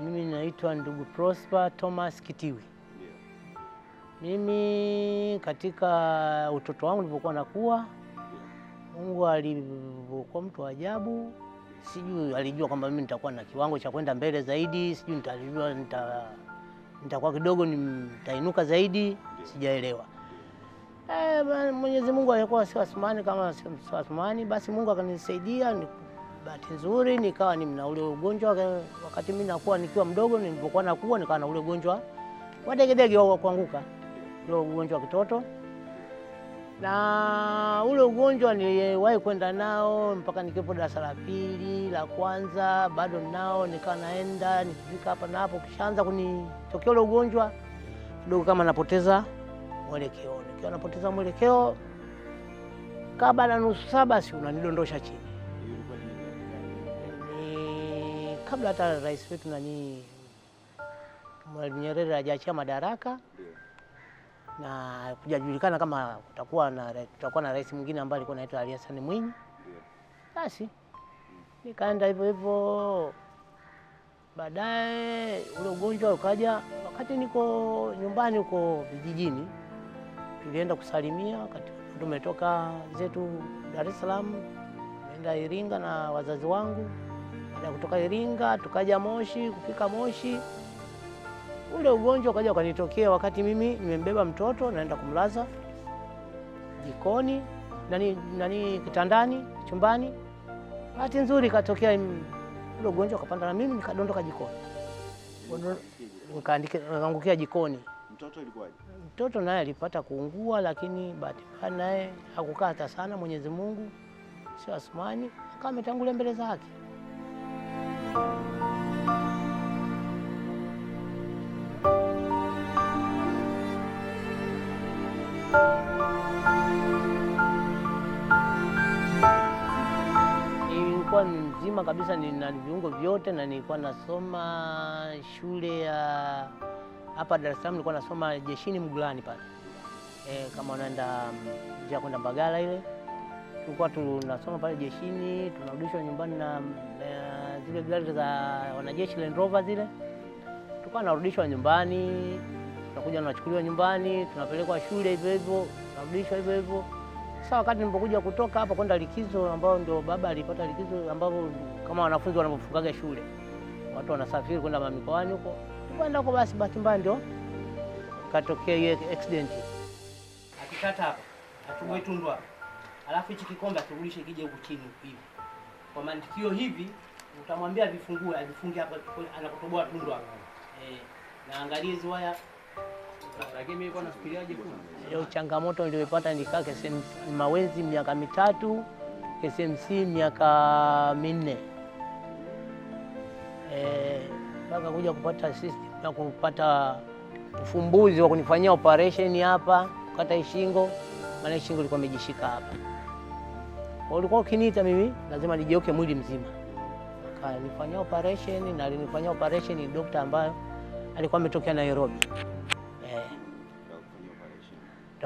Mimi naitwa ndugu Prosper Thomas Kitiwi. Mimi katika utoto wangu nilipokuwa nakuwa, Mungu alikuwa mtu wa ajabu, sijui alijua kwamba mimi nitakuwa na kiwango cha kwenda mbele zaidi, sijui nitajua nita nitakuwa kidogo nitainuka zaidi, sijaelewa. Eh, Mwenyezi Mungu alikuwa si kama si basi Mungu akanisaidia bahati nzuri nikawa mna ule ugonjwa wakati mimi nakuwa nikiwa mdogo, nilipokuwa nakuwa nikawa na ule ugonjwa wa degedege wa kuanguka, ule ugonjwa wa kitoto. Na ule ugonjwa niliwahi kwenda nao mpaka nikipo darasa la pili la kwanza, bado nao nikawa naenda nikifika hapa na hapo, kishaanza kunitokea ule ugonjwa kidogo, kama napoteza mwelekeo. Nikiwa napoteza mwelekeo, kabla na nusu saba, si unanidondosha chini kabla hata rais wetu nani Mwalimu Nyerere hajaachia madaraka na kujajulikana kama kutakuwa na, kutakuwa na rais mwingine ambaye alikuwa anaitwa Ali Hassan Mwinyi. Basi nikaenda hivyo hivyo, baadaye ule ugonjwa ukaja. Wakati niko nyumbani huko vijijini, tulienda kusalimia wakati tumetoka zetu Dar es Salaam, tumeenda Iringa na wazazi wangu na kutoka Iringa tukaja Moshi, kufika Moshi ule ugonjwa ukaja ukanitokea wakati mimi nimembeba mtoto naenda kumlaza jikoni nani, nani kitandani chumbani. Bahati nzuri katokea ule ugonjwa ukapanda na mimi nikadondoka jikoni nikaangukia jikoni. Mtoto ilikuwaje? Mtoto naye alipata kuungua, lakini bahati mbaya naye hakukaa hata sana. Mwenyezi Mungu sio Asmani, akawa ametangulia mbele zake. Nilikuwa mzima kabisa, nina viungo vyote na nilikuwa nasoma shule ya hapa Dar es Salaam, nilikuwa nasoma jeshini Mgulani pale e, kama unaenda njia kwenda Mbagala ile tulikuwa tunasoma pale jeshini, tunarudishwa nyumbani na e, zile gari za wanajeshi Land Rover zile tulikuwa narudishwa nyumbani tunakuja tunachukuliwa nyumbani, tunapelekwa shule hivyo hivyo, tunarudishwa hivyo hivyo. Sasa wakati nilipokuja kutoka hapa kwenda likizo, ambao ndio baba alipata likizo, ambapo kama wanafunzi wanavyofungaga shule, watu wanasafiri kwenda mamikoani huko, tukwenda huko, basi bahati mbaya ndio katokea hiyo accident. Akikata hapa atuwe tundwa, alafu hichi kikombe aturudishe kija huku chini hivi, kwa mantikio hivi utamwambia vifungue, avifunge hapa anakotoboa tundwa, eh, na angalie hizo waya lakini hiyo changamoto niliyoipata nikaa KCMC Mawenzi miaka mitatu, KCMC miaka minne eh, mpaka e, kuja kupata system na kupata ufumbuzi wa kunifanyia operation hapa kata ishingo, maana ishingo ilikuwa imejishika hapa. Kwa ulikuwa ukiniita mimi lazima nijeuke mwili mzima, akanifanyia operation na alinifanyia operation ni daktari ambayo alikuwa ametokea Nairobi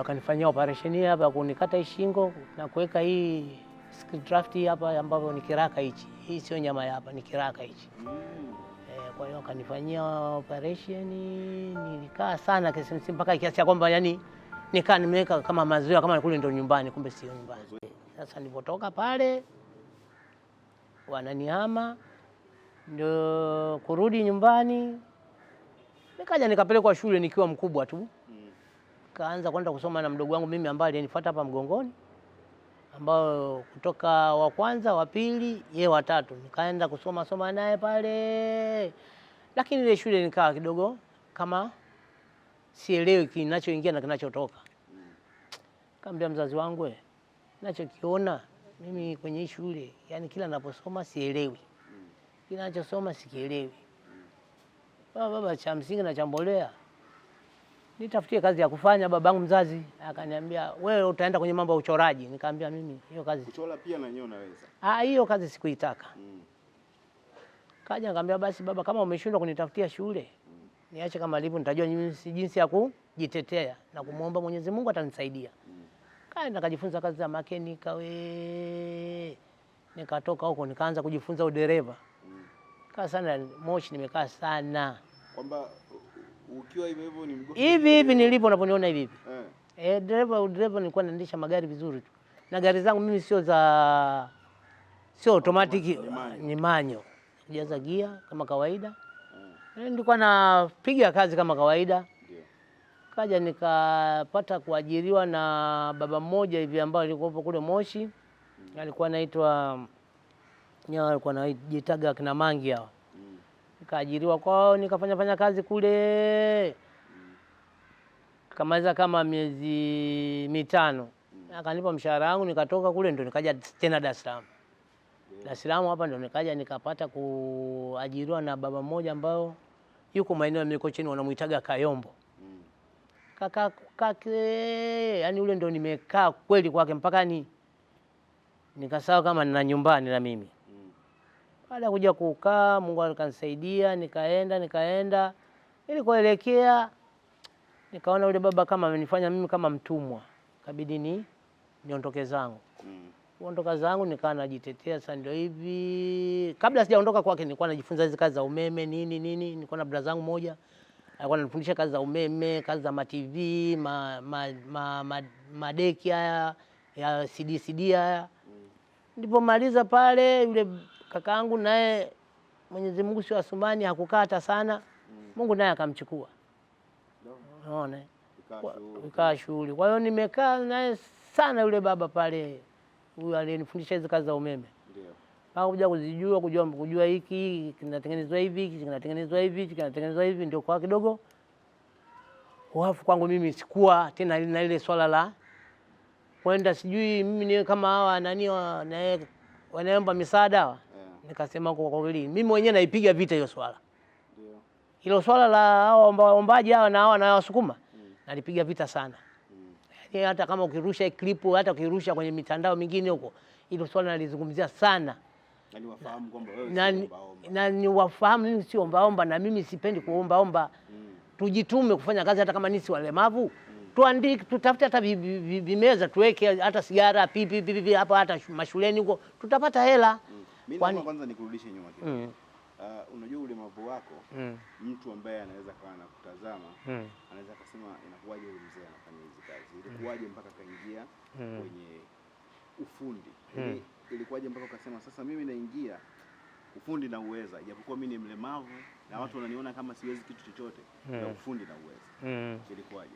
wakanifanyia operesheni hapa kunikata shingo na kuweka hii skin graft hapa, ambapo ni kiraka hichi. Hii sio nyama ya hapa, ni kiraka hichi. Mm. Eh, kwa hiyo wakanifanyia operation, nilikaa sana kesi mpaka kiasi cha kwamba yani nikaa nimeweka kama mazoea kama kule ndo nyumbani, kumbe sio nyumbani. Sasa nilipotoka pale wananihama, ndio kurudi nyumbani, nikaja nikapelekwa shule nikiwa mkubwa tu nikaanza kwenda kusoma na mdogo wangu mimi ambaye alinifuata hapa mgongoni, ambao kutoka wa kwanza wa pili wa watatu, nikaenda kusoma soma naye pale, lakini ile shule nikaa kidogo kama sielewi kinachoingia na kinachotoka. Kaambia mzazi wangu, eh, nachokiona mimi kwenye hii shule, yani kila naposoma sielewi, kinachosoma sikielewi. Baba, cha msingi nachambolea nitafutie kazi ya kufanya. Babangu mzazi akaniambia, wewe utaenda kwenye mambo ya uchoraji. Nikaambia mimi hiyo kazi kuchora pia na nyewe unaweza. Ah, hiyo kazi sikuitaka. mm. Kaja akaniambia basi baba, kama umeshindwa kunitafutia shule mm. niache kama ilivyo, nitajua jinsi, jinsi ya kujitetea na kumwomba Mwenyezi Mungu atanisaidia. mm. Kaenda kajifunza kazi za makenika we, nikatoka huko nikaanza kujifunza udereva. mm. Kaa sana Moshi, nimekaa sana kwamba ukiwa hivi hivi ni mgonjwa. Hivi hivi nilipo unaponiona hivi hivi. Eh, eh dereva dereva nilikuwa naendesha magari vizuri tu. Na gari zangu mimi sio za sio automatic ni manyo. jaza gia kama kawaida. Eh. eh, nilikuwa napiga kazi kama kawaida. Kaja nikapata kuajiriwa na baba mmoja hivi ambaye alikuwa kule Moshi. Hmm. Alikuwa anaitwa alikuwa anajitaga kina Mangi hao nikaajiriwa kwao, nikafanya fanya kazi kule, nikamaliza kama miezi mitano, akanipa mshahara wangu, nikatoka kule, ndo nikaja tena Dar es Salaam. Dar es Salaam hapa ndo nikaja nikapata kuajiriwa na baba mmoja ambao yuko maeneo ya Mikocheni, wanamuitaga Kayombo kaka kake, yani ule ndo nimekaa kweli kwake mpaka ni nikasawa kama nina nyumbani na mimi baada ya kuja kukaa, Mungu akanisaidia, nikaenda nikaenda, ili kuelekea, nikaona yule baba kama amenifanya mimi kama mtumwa, kabidi ni niondoke zangu mm. kuondoka zangu nikaa najitetea, sasa ndio hivi. Kabla sijaondoka kwake, nilikuwa najifunza hizi kazi za umeme nini nini, nilikuwa na brada zangu moja alikuwa ananifundisha kazi za umeme, kazi za matv ma, ma, ma, ma, madeki haya ya cd cd haya mm. maliza pale yule Kakaangu naye Mwenyezi Mungu si wasumani hakukata sana mm. Mungu naye akamchukua unaona no. Ikaa shughuli. Kwa hiyo nimekaa naye sana yule baba pale, huyu aliyenifundisha hizo kazi za umeme au kuja kuzijua kujua kujua hiki kinatengenezwa hivi kinatengenezwa hivi kinatengenezwa hivi, ndio kwa kidogo wafu kwangu mimi sikuwa tena na ile swala la kwenda sijui mimi niwe kama hawa nani wanaomba misaada hawa Nikasema kwa kweli mimi mwenyewe naipiga vita hiyo swala, ndio hilo swala la hao waombaji hao na hao na wasukuma mm. nalipiga vita sana mm. Yani hata kama ukirusha clip hata ukirusha kwenye mitandao mingine huko, hilo swala nalizungumzia sana na niwafahamu mimi si ombaomba, na mimi sipendi mm. kuombaomba mm. Tujitume kufanya kazi, hata kama nisi walemavu mm. Tuandike, tutafute hata vimeza tuweke hata sigara pipi pipi hapa, hata mashuleni huko tutapata hela mm. Kwani kwanza nikurudishe nyuma kidogo. Mm. Uh, unajua ulemavu wako mm. mtu ambaye anaweza kawa anakutazama mm. anaweza akasema inakuwaje huyu mzee anafanya hizi kazi, mm. ilikuwaje mpaka kaingia mm. kwenye ufundi mm. ilikuwaje mpaka ukasema sasa mimi naingia ufundi na uweza, japokuwa mimi ni mlemavu na watu mm. wananiona kama siwezi kitu chochote mm. na ufundi na uweza mm. ilikuwaje?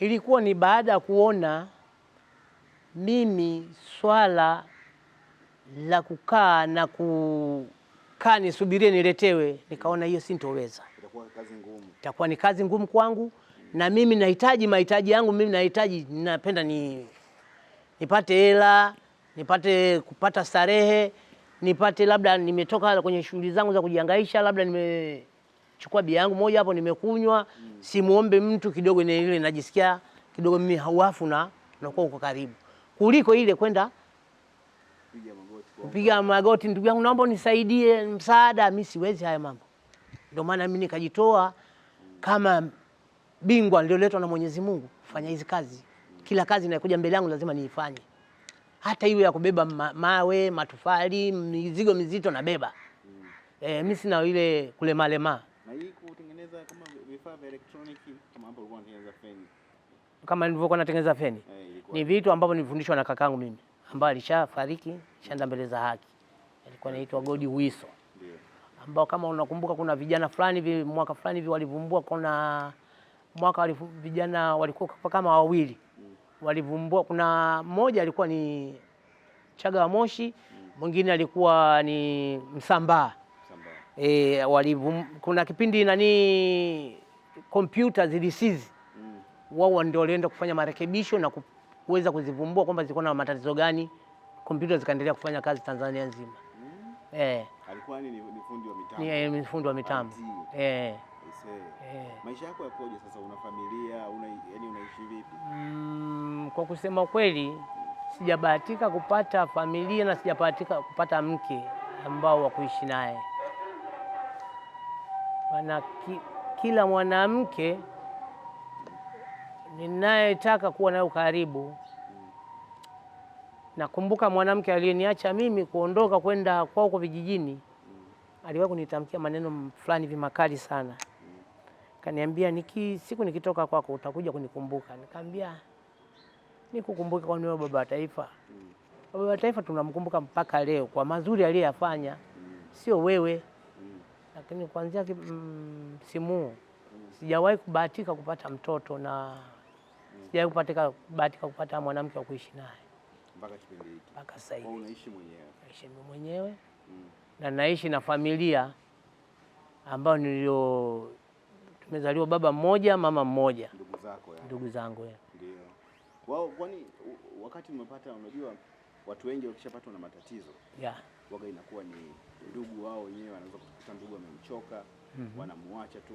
Ilikuwa ni baada ya kuona mimi swala la kukaa na kukaa nisubirie niletewe, nikaona hiyo sintoweza, itakuwa ni kazi ngumu kwangu, na mimi nahitaji mahitaji yangu mimi nahitaji, napenda ni nipate hela, nipate kupata starehe, nipate labda nimetoka kwenye shughuli zangu za kujihangaisha, labda nimechukua bia yangu moja hapo nimekunywa, mm. simuombe mtu kidogo, ni ile najisikia kidogo mimi hauafu na nakuwa uko karibu kuliko ile kwenda kupiga magoti, ndugu yangu, naomba unisaidie msaada, mi siwezi haya mambo. Ndio maana mi nikajitoa kama bingwa nilioletwa na Mwenyezi Mungu kufanya hizi kazi. Kila kazi inayokuja mbele yangu lazima niifanye, hata iwe ya kubeba mawe, matofali, mizigo mizito nabeba. E, mi sina ile kulemalema kama nilivyokuwa natengeneza feni. Hey, eh, ni vitu ambavyo nilifundishwa na kakangu mimi ambaye alishafariki shaenda mbele za haki, alikuwa anaitwa Godi Wiso, ambao kama unakumbuka kuna vijana fulani hivi mwaka fulani hivi walivumbua, kuna mwaka walifu, vijana walikuwa kama wawili mm. walivumbua, kuna mmoja alikuwa ni Chaga wa Moshi, mm. mwingine alikuwa ni Msambaa. E, walivum, kuna kipindi nani kompyuta zilisizi mm. wao ndio walienda kufanya marekebisho na kuweza kuzivumbua kwamba zilikuwa na matatizo gani, kompyuta zikaendelea kufanya kazi Tanzania nzima. Mm. Eh. Alikuwa ni, fundi wa mitambo. Ni, eh, ni fundi wa mitambo. Eh. Eh. Maisha yako yakoje sasa? Una familia, una yani unaishi vipi? Mm, kwa kusema kweli sijabahatika kupata familia na sijabahatika kupata mke ambao wa kuishi naye. Maana ki, kila mwanamke ninayetaka kuwa nayo karibu. Nakumbuka mwanamke aliyeniacha mimi kuondoka kwenda kwao kwa vijijini, aliwahi kunitamkia maneno fulani vimakali sana, kaniambia niki siku nikitoka kwako utakuja kunikumbuka. Nikamwambia nikukumbuke kwa nini? Baba wa Taifa, baba wa Taifa tunamkumbuka mpaka leo kwa mazuri aliyoyafanya, sio wewe. Lakini kuanzia msimu mm, sijawahi kubahatika kupata mtoto na sijawahi kupata bahati ya kupata mwanamke wa kuishi naye mpaka kipindi hiki, mpaka sasa hivi. Unaishi mwenyewe? Naishi mwenyewe mm. na naishi na familia ambayo nilio tumezaliwa baba mmoja mama mmoja, ndugu zako yani? Ndugu zangu ndio wao. Kwani wakati mmepata, unajua watu wengi wakishapatwa na matatizo yeah. waga inakuwa ni ndugu wao wenyewe, wanaweza kukuta ndugu amemchoka, mm -hmm. wanamuacha tu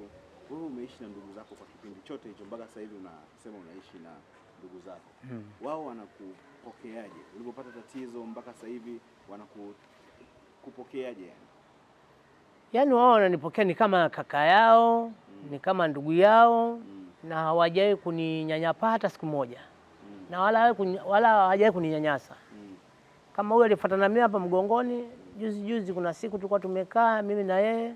wewe umeishi na ndugu zako kwa kipindi chote hicho mpaka sasa hivi unasema unaishi na ndugu zako hmm. wao wanakupokeaje ulipopata tatizo mpaka sasa hivi wanakupokeaje? Yani yaani wao wananipokea ni kama kaka yao hmm. ni kama ndugu yao hmm. na hawajawahi kuninyanyapaa hata siku moja hmm. na wala wala hawajawahi kuninyanyasa hmm. kama huyo alifuatana mimi hapa mgongoni juzi juzi, kuna siku tulikuwa tumekaa mimi na yeye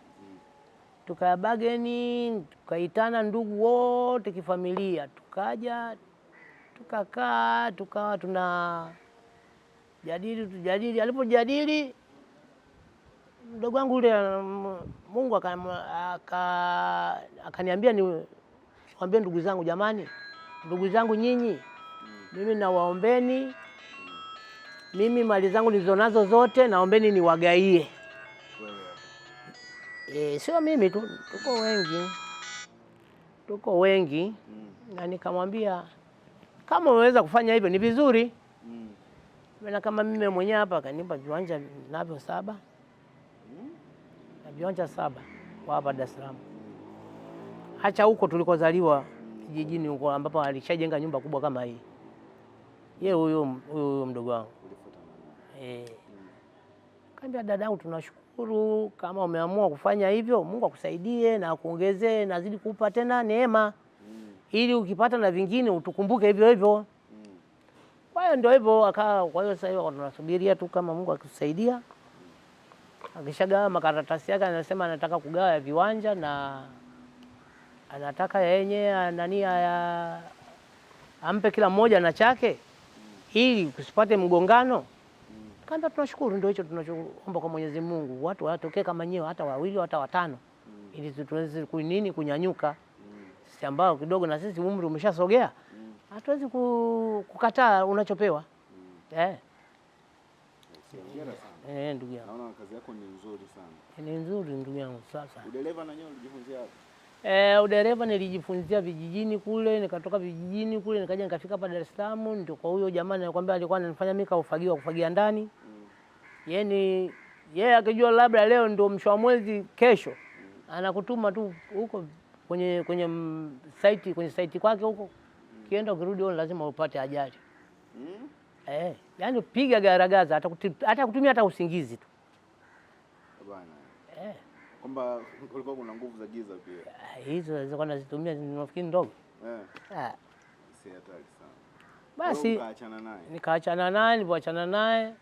tukayabageni, tukaitana ndugu wote kifamilia, tukaja tukakaa, tukawa tuna jadili tujadili. Alipojadili mdogo wangu yule, Mungu akaniambia ni waambie ndugu zangu, jamani, ndugu zangu nyinyi, mimi nawaombeni, mimi mali zangu nilizonazo zote naombeni niwagaie. E, sio mimi tu, tuko wengi, tuko wengi mm. na nikamwambia kama unaweza kufanya hivyo ni vizuri mm. na kama mimi mwenyewe hapa akanipa viwanja navyo saba mm. na viwanja saba kwa hapa Dar es Salaam, hacha huko tulikozaliwa kijijini huko ambapo alishajenga nyumba kubwa kama hii, ye huyo huyo mdogo wangu e. Kaambia, dadangu, tunashukuru kama umeamua kufanya hivyo, Mungu akusaidie na akuongezee na azidi kukupa tena neema mm. ili ukipata na vingine utukumbuke hivyo hivyo mm. kwa hiyo ndio hivyo akawa. Kwa hiyo sasa tunasubiria tu kama Mungu akisaidia, akishagawa makaratasi yake, anasema anataka kugawa ya viwanja na anataka yenyewe nani ya ampe kila mmoja na chake, mm. ili kusipate mgongano Kaambia tunashukuru, ndio hicho tunachoomba kwa Mwenyezi Mungu, watu watokee kama nyewe, hata wawili hata watano, mm. ili tuweze kunini kunyanyuka mm. sisi ambao kidogo na sisi umri umeshasogea, mm. hatuwezi kukataa unachopewa mm. eh. Eh, ndugu yangu, naona kazi yako ni nzuri sana, ni nzuri ndugu yangu. Sasa udereva na nyewe ulijifunzia wapi? Eh, udereva nilijifunzia vijijini kule, nikatoka vijijini kule nikaja nikafika hapa Dar es Salaam, ndio kwa huyo jamaa nilikwambia alikuwa ananifanya mimi kaufagia kufagia ndani. Yaani, yeye yeah, akijua labda leo ndio mwisho wa mwezi, kesho anakutuma tu huko kwenye kwenye site kwenye site kwake huko. Kienda ukirudi wewe lazima upate ajali. Hmm? Eh, yani piga garagaza hata kutumia hata usingizi tu kwamba kulikuwa kuna nguvu za giza pia. Ah, hizo zaweza kuwa nazitumia nafikiri ndogo. Eh. Ah. Si hatari sana. Basi ukaachana naye. Nikaachana naye, nilipoachana naye.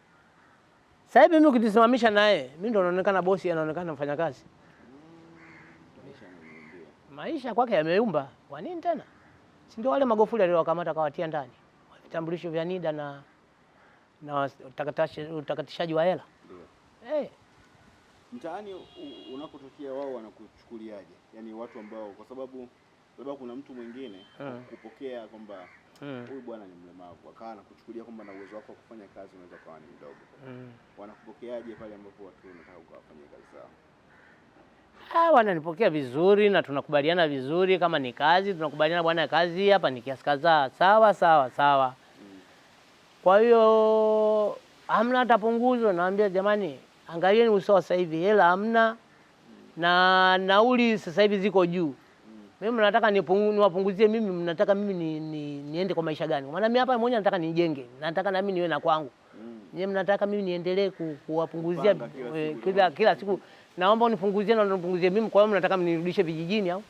Sasa hivi mimi ukitisimamisha naye, mimi ndo naonekana bosi, anaonekana mfanya kazi. Maisha kwake yameumba. Kwa nini tena? Si ndio wale Magufuli aliowakamata kawatia ndani. Vitambulisho vya NIDA na na utakatishaji wa hela. Ndio. Eh. Hey mtaani unakotokea wao wanakuchukuliaje? Yaani watu ambao, kwa sababu labda kuna mtu mwingine eh. kupokea kwamba eh. huyu hmm. bwana ni mlemavu, akawa anakuchukulia kwamba na uwezo wako wa kufanya kazi unaweza ukawa ni mdogo. hmm. Wanakupokeaje pale ambapo watu unataka ukawafanyia kazi zao? Ah, wananipokea vizuri na tunakubaliana vizuri. Kama ni kazi tunakubaliana, bwana, kazi hapa ni kiasi kadhaa, sawa sawa sawa. Mm. Kwa hiyo hamna hata punguzo, naambia jamani angalieni usawa. Sasa hivi hela hamna na nauli sasa hivi ziko juu. Mimi nataka niwapunguzie, mimi mnataka mimi ni, ni, niende kwa maisha gani? Maana mimi hapa mmoja nataka nijenge, nataka na mimi niwe na kwangu nie, mnataka mimi niendelee kuwapunguzia eh, kila, kila siku naomba unipunguzie na unipunguzie mimi. Kwa hiyo mnataka mnirudishe vijijini au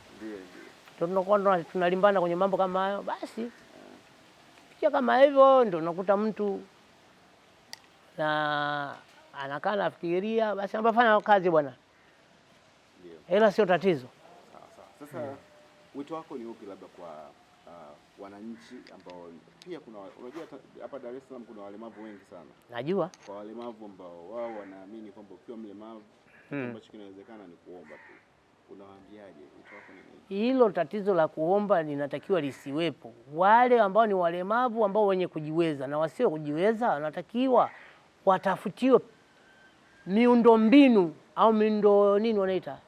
tunakuwa tunalimbana kwenye mambo kama hayo. Basi picha kama hivyo ndio unakuta mtu na anakaa nafikiria, basi fanya kazi bwana, hela sio tatizo. Sasa hmm. Wito wako ni upi labda kwa uh, wananchi ambao pia kuna unajua hapa Dar es Salaam kuna walemavu wengi sana. Najua. Kwa walemavu ambao wao wanaamini kwamba ukiwa mlemavu hmm. ambacho kinawezekana ni kuomba tu. Unawaambiaje? Wito wako ni nini? Hilo tatizo la kuomba linatakiwa lisiwepo. Wale ambao ni walemavu ambao wenye kujiweza na wasio kujiweza wanatakiwa watafutiwe miundo mbinu au miundo nini wanaita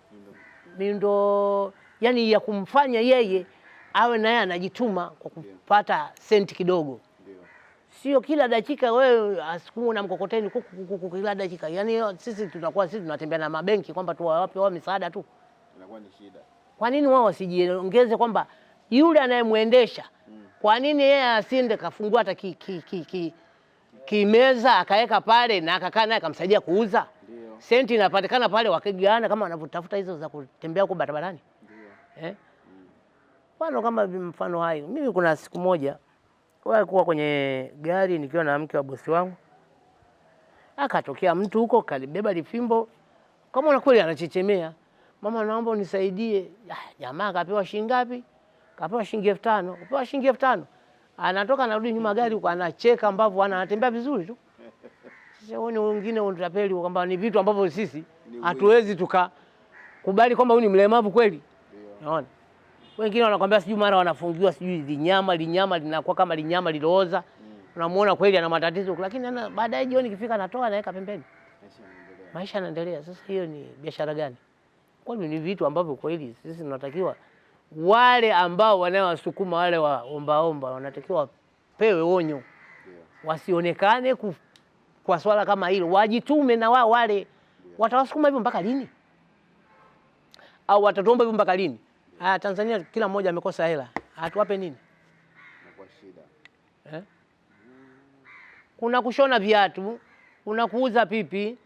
miundo yani ya kumfanya yeye awe naye anajituma kwa kupata senti kidogo, sio kila dakika wewe asukumwe ah, na mkokoteni kuku kila dakika. Yani sisi tunakuwa sisi tunatembea na mabenki kwamba tuwawape wao misaada tu, inakuwa ni shida. Kwa nini wao wasijiongeze kwamba yule anayemwendesha, mm. kwa nini yeye asiende kafungua hata ki, ki, ki, ki, kimeza akaweka pale na akakaa naye akamsaidia kuuza, senti inapatikana pale, wakigana kama wanavyotafuta hizo za kutembea huko barabarani eh? Mfano kama mfano hayo. Mimi kuna siku moja walikuwa kwenye gari nikiwa na mke wa bosi wangu, akatokea mtu huko kalibeba lifimbo kama na kweli anachechemea, mama, naomba unisaidie. Ah, jamaa kapewa shilingi ngapi? Kapewa shilingi 5000. tano. Kapewa shilingi tano anatoka anarudi nyuma gari huko anacheka ambavyo anatembea vizuri tu. Sasa wewe ni wengine unatapeli kwamba ni vitu ambavyo sisi hatuwezi tukakubali kwamba huyu ni mlemavu kweli. Unaona? Wengine wanakwambia sijui mara wanafungiwa sijui linyama linyama linakuwa kama linyama lilooza. Mm. Unamuona kweli ana matatizo lakini ana baadaye jioni kifika anatoa anaweka pembeni. Maisha yanaendelea. Sasa hiyo ni biashara gani? Kwani ni vitu ambavyo kweli sisi tunatakiwa wale ambao wanawasukuma wale waombaomba wanatakiwa wapewe onyo, wasionekane ku, kwa swala kama hilo, wajitume na wao wale. Watawasukuma hivyo mpaka lini? Au watatuomba hivyo mpaka lini? Ah, Tanzania kila mmoja amekosa hela, hatuwape nini? Eh? Kuna kushona viatu, kuna kuuza pipi,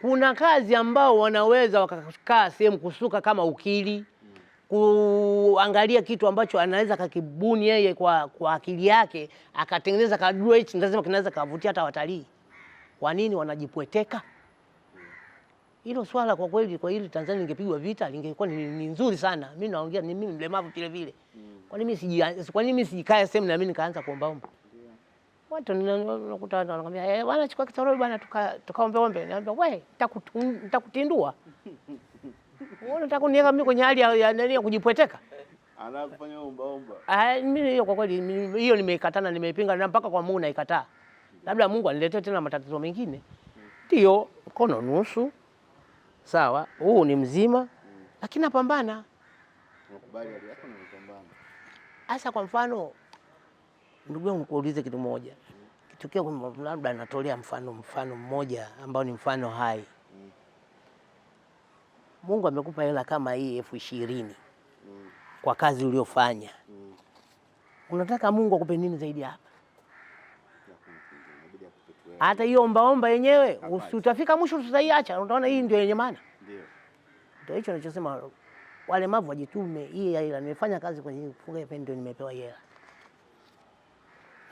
kuna kazi ambao wanaweza wakakaa sehemu kusuka kama ukili kuangalia kitu ambacho anaweza kakibuni yeye kwa, kwa akili yake akatengeneza kadua hichi, lazima kinaweza kavutia hata watalii. Kwa nini wanajipweteka? Hilo swala kwa kweli, kwa hili Tanzania lingepigwa vita, lingekuwa ni, ni nzuri sana. Mimi naongea ni mimi mlemavu vile vile. Kwa nini mimi kwa nini mimi sijikaya sehemu na mimi nikaanza kuomba omba? Watu nakuta watu wanakuambia, eh, bwana chukua kitoroli bwana, tukaombe ombe. Naambia, wewe nitakutindua. Unataka kuniweka mimi kwenye hali ya nani ya kujipweteka? Anakufanya omba omba. Ah, mimi hiyo kwa kweli hiyo nimeikatana, nimeipinga na mpaka kwa Mungu naikataa. Labda Mungu aniletee tena matatizo mengine. Ndio, mkono nusu. Sawa, huu ni mzima lakini napambana. Nakubali hali yako na napambana. Sasa kwa mfano ndugu yangu nikuulize kitu moja. Kitokea kwamba labda natolea mfano mfano mmoja ambao ni mfano hai. Mungu amekupa hela kama hii elfu ishirini mm. kwa kazi uliyofanya mm. unataka Mungu akupe nini zaidi hapa? Hata hiyo ombaomba yenyewe utafika mwisho, tutaiacha. Utaona hii ndio yenye maana, ndio hicho nachosema, walemavu wajitume. Hii hela nimefanya kazi kwenye kufunga pendo, ndio nimepewa hela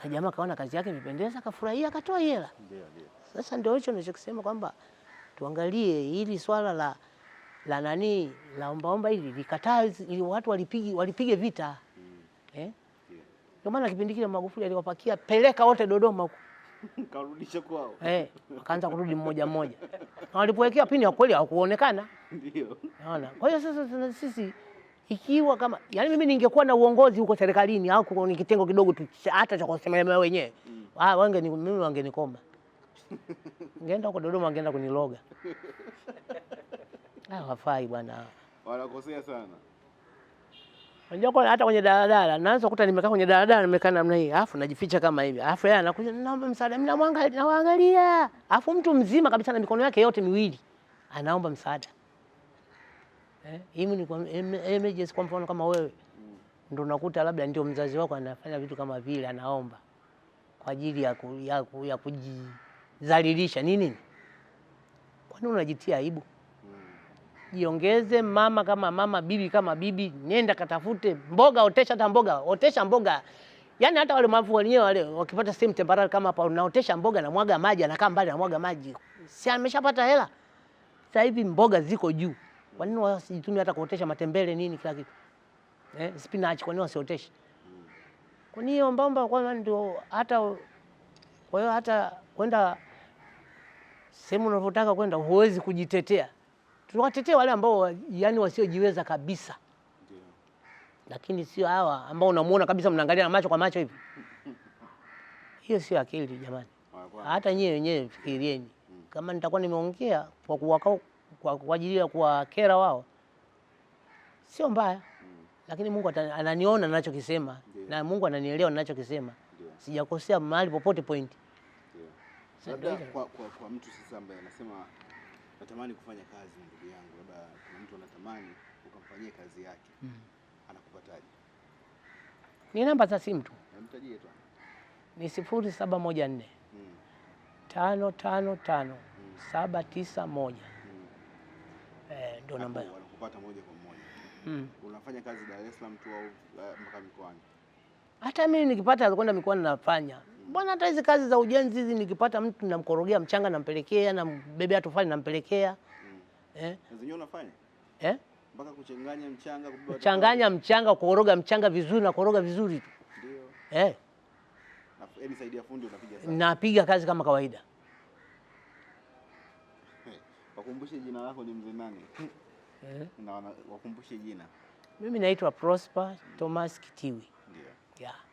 na jamaa kaona kazi yake imependeza, akafurahia, akatoa hela. Sasa ndio hicho nachokisema kwamba tuangalie hili swala la la nani la ombaomba hili likataa, ili watu walipige walipige vita mm. eh? yeah. maana kipindi kile Magufuli aliwapakia peleka wote Dodoma huko karudisha kwao eh, akaanza kurudi mmoja mmoja, na walipowekea pini ya kweli hawakuonekana. Ndio naona. Kwa hiyo sasa sisi ikiwa kama yani, mimi ningekuwa na uongozi huko serikalini au ni kitengo kidogo tu hata cha kusemea wenyewe mm. ah, wange mimi wangenikoma, ningeenda huko Dodoma, wangeenda kuniloga Ah, hawafai bwana, wanakosea sana. Unajua hata kwenye daladala naanza kukuta nimekaa kwenye daladala nimekaa namna hii, alafu najificha kama hivi, alafu yeye anakuja, naomba msaada, mimi nawaangalia, alafu mtu mzima kabisa na mikono yake yote miwili anaomba msaada eh, ni kwa images, kwa mfano kama wewe ndio unakuta labda ndio mzazi wako anafanya vitu kama vile, anaomba kwa ajili ya, ku, ya, ku, ya kujidhalilisha. nini? Kwani unajitia aibu? jiongeze, mama kama mama, bibi kama bibi, nenda katafute mboga, otesha hata mboga, otesha mboga. Yani hata wale mavu wenyewe wale wakipata sehemu temporary kama hapa, unaotesha mboga na mwaga maji, anakaa mbali na mwaga maji, si ameshapata hela? Sasa hivi mboga ziko juu, kwa nini wasijitumi hata kuotesha matembele nini, kila kitu eh, spinach, kwa nini wasioteshe? Kwa nini omba omba? Kwa nini ndio hata kwa hiyo hata kwenda sehemu unavyotaka kwenda huwezi kujitetea tunawatetea wale ambao yani wasiojiweza kabisa Lakini sio hawa ambao unamuona kabisa, mnaangalia na macho kwa macho hivi. Hiyo sio akili jamani, hata nyewe wenyewe fikirieni. Kama nitakuwa nimeongea kwa ajili ya kuwakera wao sio mbaya Lakini Mungu ananiona ninachokisema Na Mungu ananielewa ninachokisema Sijakosea mahali popote point yeah. Kwa, kwa, kwa mtu sasa ambaye anasema natamani kufanya kazi na ndugu yangu, labda kuna mtu anatamani ukamfanyie kazi yake mm. anakupataje? Ni namba za simu tu, mtajie tu ni sifuri saba moja nne mm. tano tano tano mm. saba tisa moja mm. Eh, ndo namba wanakupata moja kwa moja mm. Unafanya kazi Dar es Salaam tu au eh, mpaka mikoani? Hata mimi nikipata kwenda mikoani nafanya mm mbona hata hizi kazi za ujenzi hizi nikipata mtu namkorogea mchanga nampelekea, nambebea tofali nampelekea. Mm. Eh? Zenyewe unafanya? Eh? Mpaka kuchanganya mchanga, kubeba kuchanganya mchanga, kukoroga mchanga vizuri na kukoroga vizuri tu. Ndio. Eh? Na yaani fundi unapiga sana. Napiga kazi kama kawaida. Wakumbushe jina lako ni mzee nani? Eh? Na wakumbushe jina. Mimi naitwa Prosper Thomas Kitiwi. Ndio. Yeah.